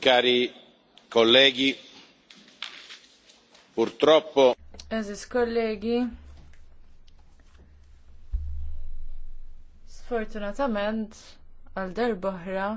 Cari colleghi, purtroppo. Eżis kollegi, sfortunatament għal darba oħra